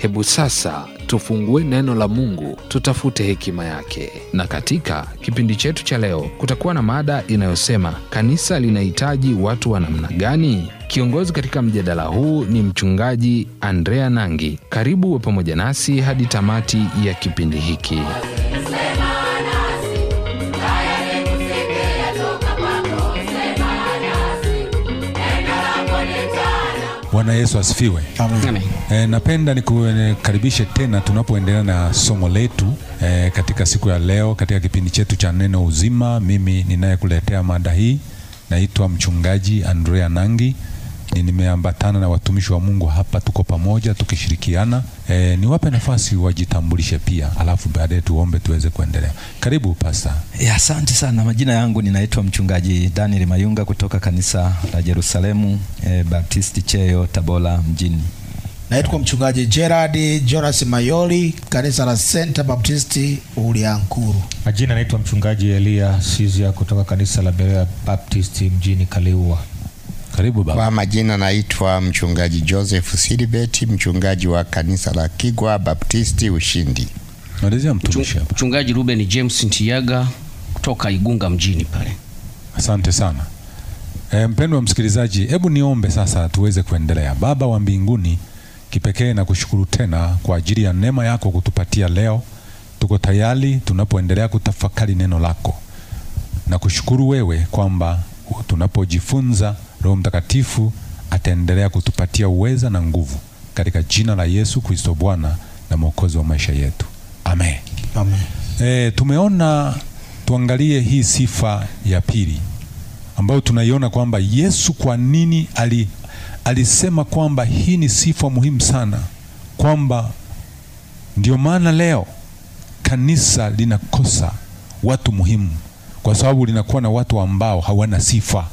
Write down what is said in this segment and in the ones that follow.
Hebu sasa tufungue neno la Mungu, tutafute hekima yake. Na katika kipindi chetu cha leo kutakuwa na mada inayosema kanisa linahitaji watu wa namna gani? Kiongozi katika mjadala huu ni mchungaji Andrea Nangi. Karibu we pamoja nasi hadi tamati ya kipindi hiki. Bwana Yesu asifiwe. Amen. E, napenda nikukaribishe tena tunapoendelea na somo letu e, katika siku ya leo katika kipindi chetu cha neno uzima. Mimi ninayekuletea mada hii naitwa mchungaji Andrea Nangi nimeambatana na watumishi wa Mungu hapa, tuko pamoja tukishirikiana. E, niwape nafasi wajitambulishe pia, alafu baadaye tuombe tuweze kuendelea. Karibu pasta. Asante sana. Majina yangu ninaitwa mchungaji Daniel Mayunga kutoka kanisa la Yerusalemu e, Baptisti Cheyo Tabora mjini. Naitwa mchungaji Gerard Jonas Mayoli, kanisa la Center Baptisti Uliankuru. Majina naitwa mchungaji Elia Sizia kutoka kanisa la Berea Baptisti mjini Kaliua. Karibu baba. Kwa majina naitwa mchungaji Joseph Silibeti, mchungaji wa kanisa la Kigwa Baptisti Ushindi. Malizia mtumishi hapa. Mchungaji Ruben James Ntiyaga kutoka Igunga mjini pale. Asante sana. E, mpendwa msikilizaji, hebu niombe sasa tuweze kuendelea. Baba wa mbinguni, kipekee na kushukuru tena kwa ajili ya neema yako kutupatia leo. Tuko tayari tunapoendelea kutafakari neno lako na kushukuru wewe kwamba tunapojifunza Roho Mtakatifu ataendelea kutupatia uweza na nguvu katika jina la Yesu Kristo Bwana na Mwokozi wa maisha yetu. Amen. Amen. E, tumeona tuangalie hii sifa ya pili ambayo tunaiona kwamba Yesu kwa nini ali, alisema kwamba hii ni sifa muhimu sana kwamba ndio maana leo kanisa linakosa watu muhimu kwa sababu linakuwa na watu ambao hawana sifa.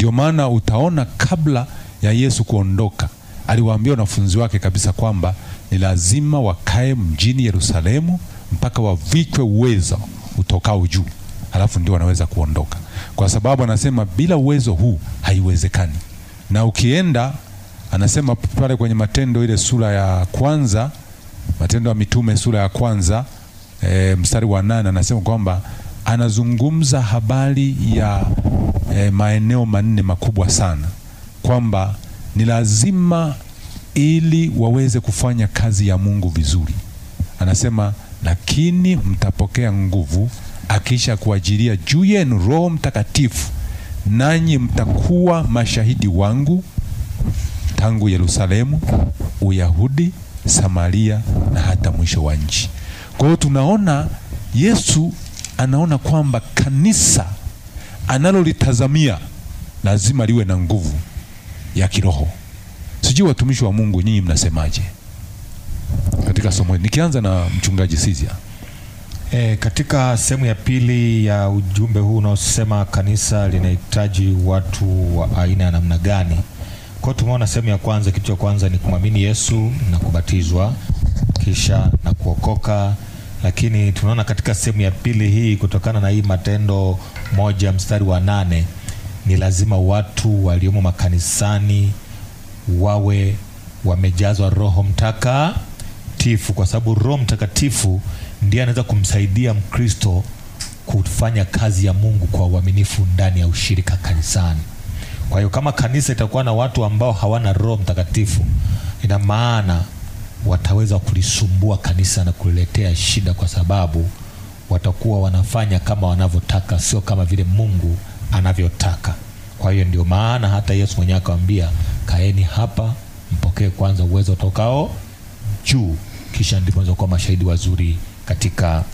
Ndio maana utaona kabla ya Yesu kuondoka aliwaambia wanafunzi wake kabisa kwamba ni lazima wakae mjini Yerusalemu mpaka wavikwe uwezo utokao juu, halafu ndio wanaweza kuondoka, kwa sababu anasema bila uwezo huu haiwezekani. Na ukienda anasema pale kwenye Matendo ile sura ya kwanza, Matendo ya Mitume sura ya kwanza e, mstari wa nane anasema kwamba anazungumza habari ya eh, maeneo manne makubwa sana kwamba ni lazima ili waweze kufanya kazi ya Mungu vizuri. Anasema, lakini mtapokea nguvu akiisha kuajilia juu yenu Roho Mtakatifu, nanyi mtakuwa mashahidi wangu tangu Yerusalemu, Uyahudi, Samaria na hata mwisho wa nchi. Kwa hiyo tunaona Yesu anaona kwamba kanisa analolitazamia lazima liwe na nguvu ya kiroho. Sijui watumishi wa Mungu nyinyi mnasemaje katika somo hili? Nikianza na mchungaji Sizia. E, katika sehemu ya pili ya ujumbe huu unaosema kanisa linahitaji watu wa aina ya namna gani? Kwa tumeona sehemu ya kwanza, kitu cha kwanza ni kumwamini Yesu na kubatizwa kisha na kuokoka, lakini tunaona katika sehemu ya pili hii, kutokana na hii matendo moja mstari wa nane ni lazima watu waliomo makanisani wawe wamejazwa Roho Mtakatifu, kwa sababu Roho Mtakatifu ndiye anaweza kumsaidia Mkristo kufanya kazi ya Mungu kwa uaminifu ndani ya ushirika kanisani. Kwa hiyo kama kanisa itakuwa na watu ambao hawana Roho Mtakatifu, ina maana wataweza kulisumbua kanisa na kuliletea shida, kwa sababu watakuwa wanafanya kama wanavyotaka, sio kama vile Mungu anavyotaka. Kwa hiyo ndio maana hata Yesu mwenyewe akamwambia, kaeni hapa mpokee kwanza uwezo utokao juu, kisha ndipo kuwa mashahidi wazuri katika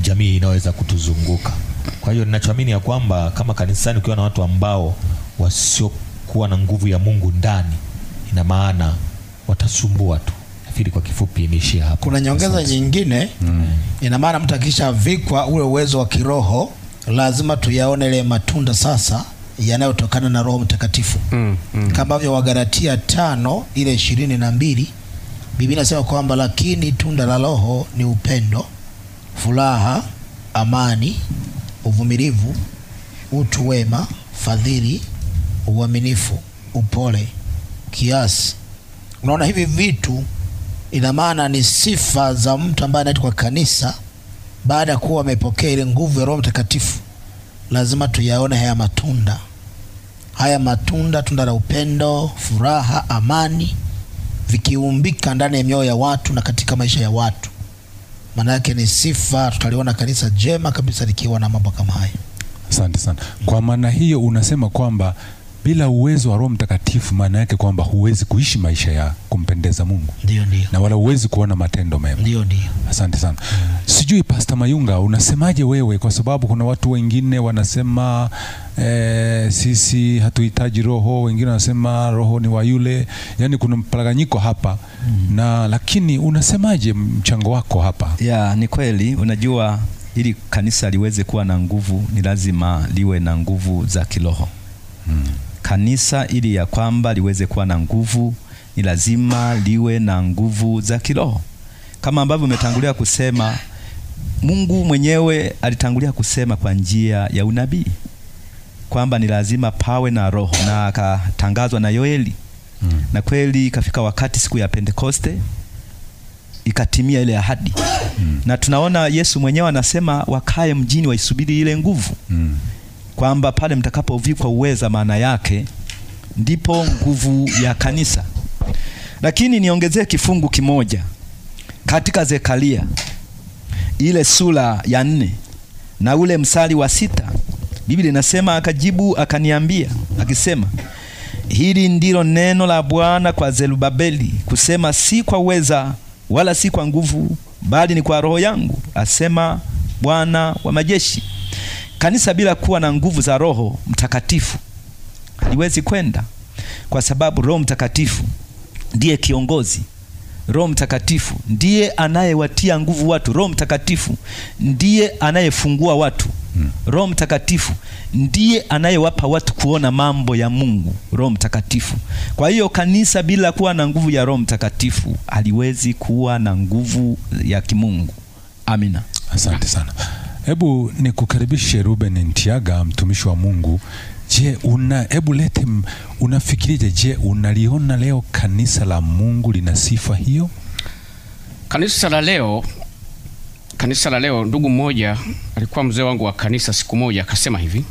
jamii inayoweza kutuzunguka. Kwa hiyo ninachoamini ya kwamba kama kanisani ukiwa na watu ambao wasiokuwa na nguvu ya Mungu ndani, ina maana watasumbua tu. Nafikiri kwa kifupi imeishia hapo. Kuna nyongeza nyingine mm. Ina maana mtu akishavikwa ule uwezo wa kiroho lazima tuyaone ile matunda sasa yanayotokana na Roho Mtakatifu mm, mm. Kama vile Wagalatia tano ile ishirini na mbili Biblia inasema kwamba lakini tunda la Roho ni upendo, furaha, amani, uvumilivu, utu wema, fadhili, uaminifu, upole, kiasi. Unaona, hivi vitu Ina maana ni sifa za mtu ambaye anaitwa kanisa, baada ya kuwa amepokea ile nguvu ya Roho Mtakatifu, lazima tuyaone haya matunda, haya matunda, tunda la upendo, furaha, amani, vikiumbika ndani ya mioyo ya watu na katika maisha ya watu, maana yake ni sifa. Tutaliona kanisa jema kabisa likiwa na mambo kama haya. Asante sana. Kwa maana hiyo unasema kwamba bila uwezo wa Roho Mtakatifu, maana yake kwamba huwezi kuishi maisha ya kumpendeza Mungu. Ndio, ndio. Na wala huwezi kuona matendo mema. Ndio, ndio. Asante sana. Mm. Sijui Pastor Mayunga unasemaje wewe, kwa sababu kuna watu wengine wanasema e, sisi hatuhitaji roho, wengine wanasema roho ni wa yule, yaani kuna mparaganyiko hapa mm. na lakini unasemaje mchango wako hapa? Yeah, ni kweli unajua ili kanisa liweze kuwa na nguvu ni lazima liwe na nguvu za kiroho. Hmm. Kanisa ili ya kwamba liweze kuwa na nguvu, ni lazima liwe na nguvu za kiroho, kama ambavyo umetangulia kusema. Mungu mwenyewe alitangulia kusema kwa njia ya unabii kwamba ni lazima pawe na roho, na akatangazwa na Yoeli hmm. Na kweli ikafika wakati siku ya Pentekoste ikatimia ile ahadi hmm. Na tunaona Yesu mwenyewe anasema wakae mjini waisubiri ile nguvu hmm kwamba pale mtakapovikwa uweza, maana yake ndipo nguvu ya kanisa. Lakini niongezee kifungu kimoja katika Zekaria ile sura ya nne na ule msali wa sita Biblia inasema akajibu akaniambia akisema, hili ndilo neno la Bwana kwa Zerubabeli kusema, si kwa uweza wala si kwa nguvu, bali ni kwa roho yangu, asema Bwana wa majeshi. Kanisa bila kuwa na nguvu za Roho Mtakatifu haliwezi kwenda, kwa sababu Roho Mtakatifu ndiye kiongozi. Roho Mtakatifu ndiye anayewatia nguvu watu. Roho Mtakatifu ndiye anayefungua watu. Hmm. Roho Mtakatifu ndiye anayewapa watu kuona mambo ya Mungu, Roho Mtakatifu. Kwa hiyo kanisa bila kuwa na nguvu ya Roho Mtakatifu haliwezi kuwa na nguvu ya kimungu. Amina. Asante sana. Hebu nikukaribishe Ruben Ntiaga, mtumishi wa Mungu. Je, una hebu lete, unafikirije? Je, unaliona leo kanisa la Mungu lina sifa hiyo? Kanisa la leo, kanisa la leo, ndugu mmoja alikuwa mzee wangu wa kanisa, siku moja akasema hivi,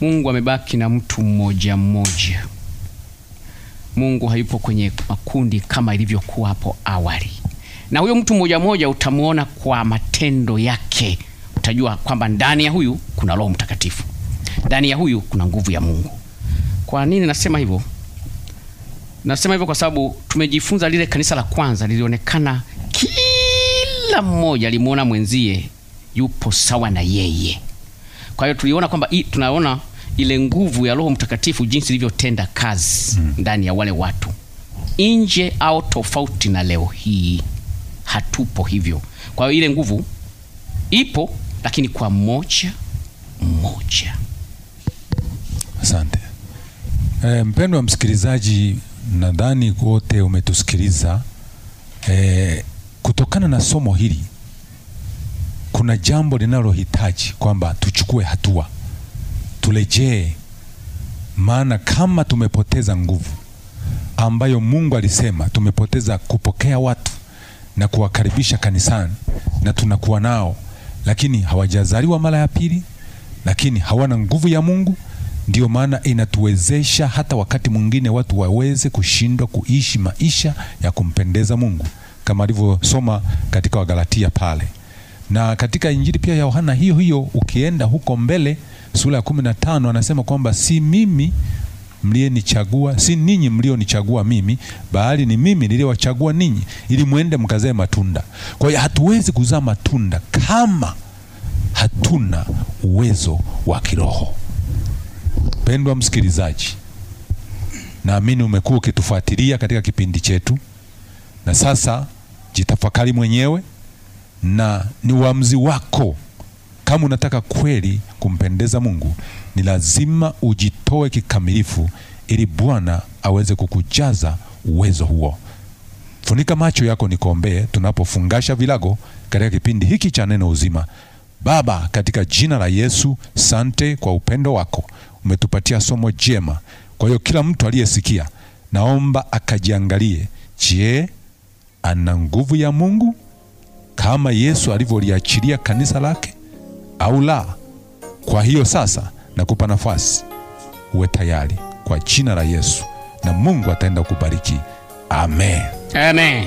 Mungu amebaki na mtu mmoja mmoja. Mungu hayupo kwenye makundi kama ilivyokuwa hapo awali, na huyo mtu mmoja mmoja utamwona kwa matendo yake utajua kwamba ndani ya huyu kuna Roho Mtakatifu, ndani ya huyu kuna nguvu ya Mungu. Kwa nini nasema hivyo? Nasema hivyo kwa sababu tumejifunza lile kanisa la kwanza lilionekana, kila mmoja alimuona mwenzie yupo sawa na yeye. Kwa hiyo tuliona kwamba tunaona ile nguvu ya Roho Mtakatifu jinsi ilivyotenda kazi hmm. ndani ya wale watu nje au tofauti na leo hii hatupo hivyo. Kwa hiyo ile nguvu ipo lakini kwa moja moja. Asante e, eh, mpendo wa msikilizaji, nadhani wote umetusikiliza. E, kutokana na somo hili kuna jambo linalohitaji kwamba tuchukue hatua, tulejee. Maana kama tumepoteza nguvu ambayo Mungu alisema tumepoteza kupokea watu na kuwakaribisha kanisani na tunakuwa nao lakini hawajazaliwa mara ya pili, lakini hawana nguvu ya Mungu. Ndiyo maana inatuwezesha hata wakati mwingine watu waweze kushindwa kuishi maisha ya kumpendeza Mungu kama alivyosoma katika Wagalatia pale na katika Injili pia ya Yohana hiyo hiyo, ukienda huko mbele sura ya kumi na tano anasema kwamba si mimi mliyenichagua, si ninyi mlionichagua mimi, bali ni mimi niliyowachagua ninyi ili mwende mkazae matunda. Kwa hiyo hatuwezi kuzaa matunda kama hatuna uwezo wa kiroho. Pendwa msikilizaji, naamini umekuwa ukitufuatilia katika kipindi chetu, na sasa jitafakari mwenyewe, na ni uamuzi wako kama unataka kweli kumpendeza Mungu ni lazima ujitoe kikamilifu ili Bwana aweze kukujaza uwezo huo. Funika macho yako nikuombee tunapofungasha vilago katika kipindi hiki cha neno uzima. Baba, katika jina la Yesu, sante kwa upendo wako, umetupatia somo jema. Kwa hiyo kila mtu aliyesikia, naomba akajiangalie. Je, ana nguvu ya Mungu kama Yesu alivyoliachilia kanisa lake au la? Kwa hiyo sasa Nakupa nafasi uwe tayari kwa jina la Yesu, na Mungu ataenda kubariki Amen, amen.